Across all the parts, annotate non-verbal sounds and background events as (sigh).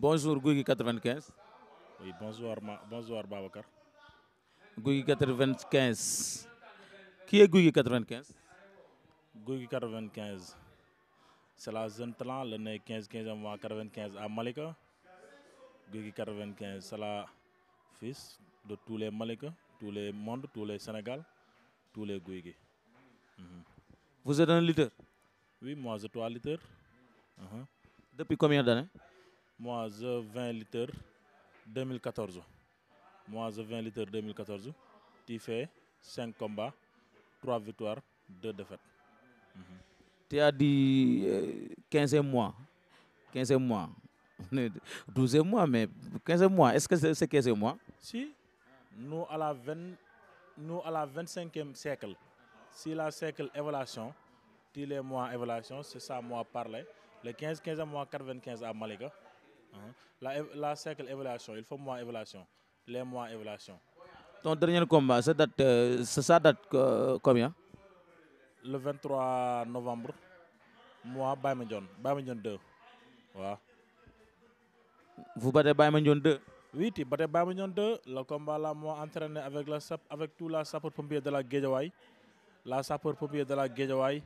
bonjour Gouy Gui 95. oui bonjour ma bonjour Babacar. Gouy Gui 95. qui est Gouy Gui 95. Gouy Gui 95. c'est la jeune talent le né 15 15 mois 95 à Malika. Gouy Gui 95 c'est la fils de tous les Malika tous les mondes tous les Sénégal tous les guy Gui. Mm-hmm. vous êtes un lutteur. oui moi je suis un mhm. depuis combien d'années. moi je 20 litres 2014 mois je 20 litres 2014 tu fais 5 combats 3 victoires 2 défaites. Mm -hmm. tu as dit euh, 15 mois 15 mois 12 mois mais 15 mois est-ce que c'est 15 mois. si nous à la vingt nous à la vingt cinquième siècle si la siècle évaluation tous les mois évaluation c'est ça moi parler le 15 15 mois quinze à Malika. la la cercle évaluation il faut mois évaluation les mois évaluation. ton dernier combat ça date euh, ça date euh, combien. le 23 novembre mois Baye Mandione de Mandione 2 waaw. vous battez Baye Mandione 2. oui tu battez Baye Mandione 2 le combat entraîné avec la sap avec tout la sapeur-pompier de la Guédiawaye la sapeur-pompier de la Guédiawaye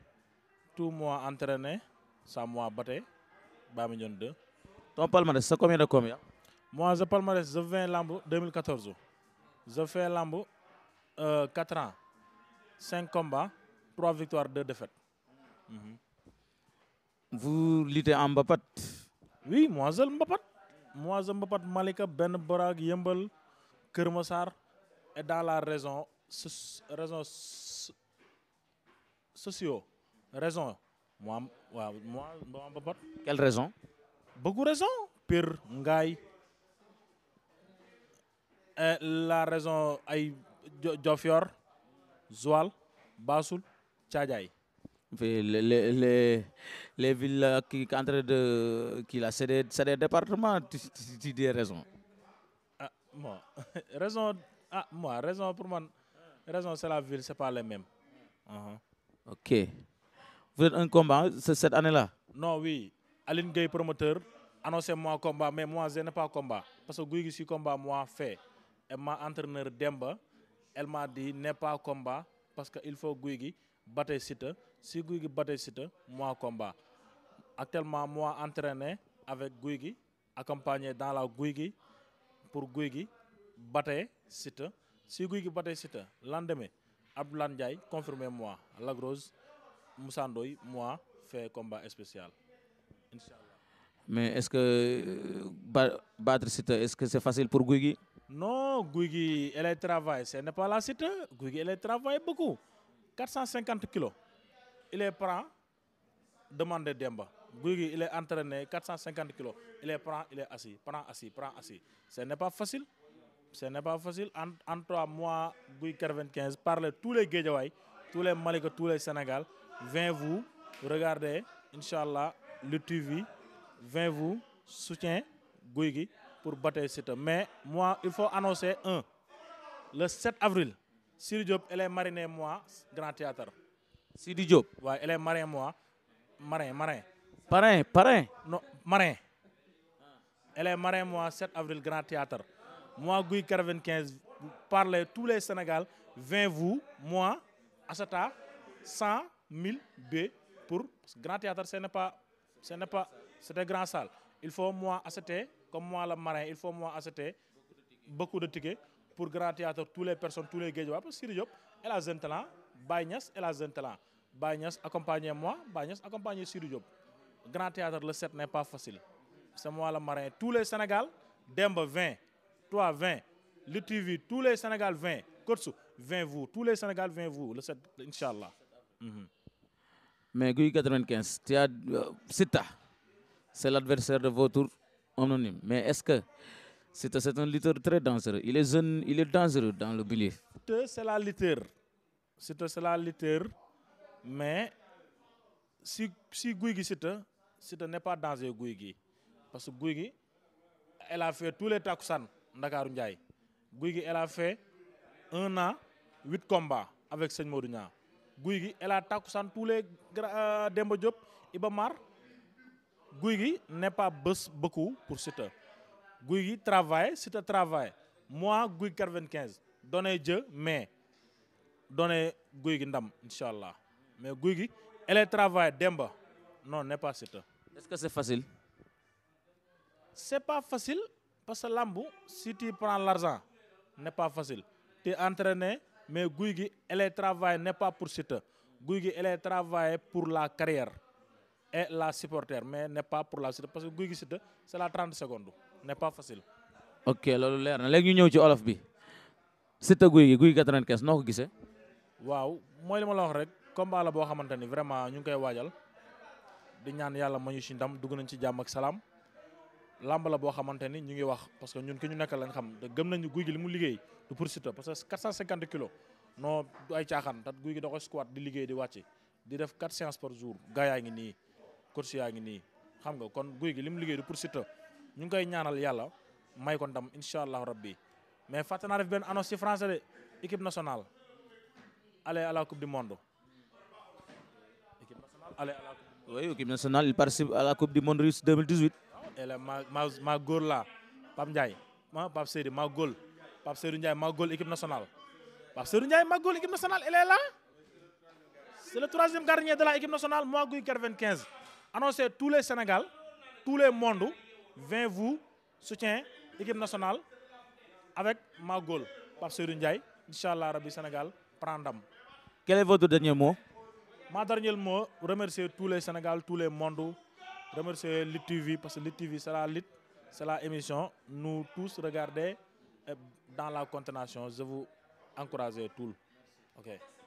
tout mois entraîné ça moi battez Baye Mandione ton palmarès c'est combien de combats moi je palmarès je viens lamb 2014 je fais lamb euh, 4 ans 5 combats 3 victoires 2 défaites mhm. vous luttez en mbapat oui moi je mbapat moi je mbapat Malika Ben Borak Yembal Kër et dans la raison raison raison moi waaw moi quelle raison beaucoup raison Pire Ngaay euh, la raison ay Diofior Joal Bassoul Thiadiaye le les les villes qui en de qui la c'est des c'est des départements tu dis raison ah bon (laughs) raison ah, moi raison pour man raison c'est la ville c'est pas les mêmes uh-huh. ok vous êtes un combat cette année là non oui Aline Gueye promoteur annoncé moi combat mais moi je n'ai pas combat parce que guy Gui si combat moi fait et ma entraîneur Demba elle m'a dit pas combat parce que il faut guy gi battre Siteu si Gouye Gui battre Siteu moi combat actuellement moi entraîné avec Gouye Gui accompagné dans la guy gi pour guy gi battre Siteu si Gouye gi battre Siteu lendemain Abdoulaye Ndiaye confirmez moi Lac Rose Moussa Ndoye moi fait combat spécial mais est-ce que euh, battre Siteu est-ce que c'est facile pour Gouye Gui non Gouye Gui elle travaille ce n'est pas la Siteu Gouye Gui elle travaille beaucoup 450 kilos il les prend demandé Demba guy Gui il est entraîné 450 kilos il les prend il est assis prend assis prend assis ce n'est pas facile ce n'est pas facile en en trois mois Gouye 95 parlez tous les Guédiawaye tous les Malika tous les Sénégal venez vous regardez inchallah Lutte TV vingt vous soutient Gouye gi pour battre Siteu mais moi il faut annoncer un le 7 avril Sidi Diop elle est marraine moi Grand Théâtre Sidi Diop waaw elle est marraine moi marin marin parrain parrain non marin elle est marin moi 7 avril Grand Théâtre moi Gouye 95 parlez tous les Sénégal vingt vous moi Asata cent mille b pour Grand Théâtre ce n'est pas ce n'est pas c'était grand salle il faut moi acheter comme moi la marin il faut moi acheter beaucoup de tickets pour grand théâtre tous les personnes tous les Guédiawaye parce que Sidy Diop elle a un talent Baye Niass elle a un talent Baye Niass accompagnez moi Baye Niass accompagnez Sidy Diop grand théâtre le 7 n'est pas facile c'est moi le marin tous les Sénégal Demba trois vingt 20 Lutte TV tous les Sénégal vingt Kotsu 20 vous tous les Sénégal vingt vous le 7 inchallah mm mais Guy 95 tu as euh, Siteu c'est l'adversaire de votre homonyme mais est-ce que Siteu un lutteur très dangereux il est jeune il est dangereux dans le milieu. Siteu c'est la lutteur Siteu c'est la mais si Guy gi Siteu Siteu n'est pas Guy gi parce que Guy gi est a fait tous les takusan Ndakaaru Ndiaye Guy gi elle a fait un an huit combats avec Seigne Modou Niang guy gi Ela Takusaan tous les euh, Demba Diop Iba Mar guy gi n'est pas bés beaucoup pour Siteu guy gi travaille Siteu travaille moi guy 95 donné jë mais donné guy gi ndam incha allah mais guy gi Ela travaille Demba non n'est pas Siteu. est-ce que c'est facile. c'est pas facile parce que lambu si tu prends l'argent n'est pas facile tu entraîné mais guy gi elle travaille n'est pas pour Siteu guy gi elle travaille pour la carrière et la supporter mais n'est pas pour la Siteu parce que guy gi Siteu c'est la 30 secondes n'est pas facile. ok loolu leer na léegi ñu ñëw ci olof bi Siteu guy gi guy gi 95 noo ko gisee. waaw mooy li ma la wax rek combat la boo xamante ni vraiment ñu ngi koy waajal di ñaan yàlla ma ñu ci dugg nañ ci jàmm ak salaam. làmb boo xamante ni ñu ngi wax parce que ñun ki ñu nekk lañ xam te gëm nañu guy gi li mu liggéey du pour Siteu parce que 450 kilos ay caaxaan tat guy gi da koy squat di liggéey di wàcce di def 4 séances par jour gaa nii coach nii xam nga kon guy gi li mu liggéey du pour Siteu ñu ngi koy ñaanal yàlla may ko ndam incha allahu rabbi mais fàtte na def benn annonce ci français de équipe nationale aller à la coupe du monde équipe nationale aller ela ma ma ma góor laa Pape Ndiaye ah, ma Pape Seydou ma góol Pape Seydou Ndiaye ma góol équipe nationale Pape Seydou Ndiaye ma góol équipe nationale elle est là c'est le troisième gardien de la équipe nationale moi Gouye 95 annoncé tous les Sénégal tous les mondes vingt vous soutien équipe nationale avec ma góol Pape Seydou Ndiaye incha rabbi Sénégal prend ndam. est votre dernier mot. mon dernier mot remercier tous les Sénégal tous les mondes. remercier Lutte TV parce que Lutte TV c'est la lutte, la émission. Nous tous regarder euh, dans la contention. Je vous encourage tout. OK.